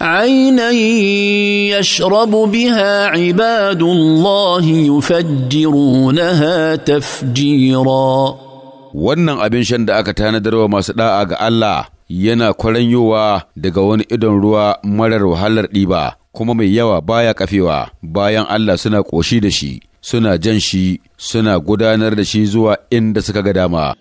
عينا يشرب بها عباد الله يفجرونها تفجيرا wannan abin shan da aka tanadarwa masu da'a ga Allah yana kwaranyowa daga wani idon ruwa marar wahalar ɗiba kuma mai yawa baya kafewa bayan Allah suna ƙoshi da shi suna jan shi suna gudanar da shi zuwa inda suka ga dama